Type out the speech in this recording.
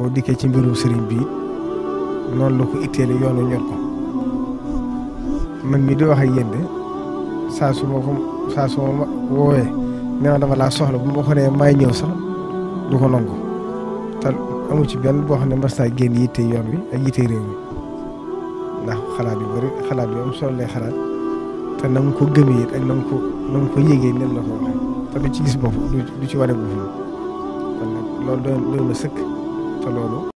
boo dikkee ci mbirum sëriñ bi noonu la ko itteele yoonu ñor ko man mi di wax ak yéen de saa su ma ko saa su woowee nee na dama laa soxla bu ma ko nee may ñëw sax du ko nangu te amu ci benn boo xam ne mas naa génn yitte yoon wi ak yitte réew mi ndax xalaat yu bari xalaat yu am solo xalaat te na mu ko gëmee it ak na mu ko na mu la ko waxee te du ci gis bopp du ci wane boppam kon loolu doon doon sëkk. te loolu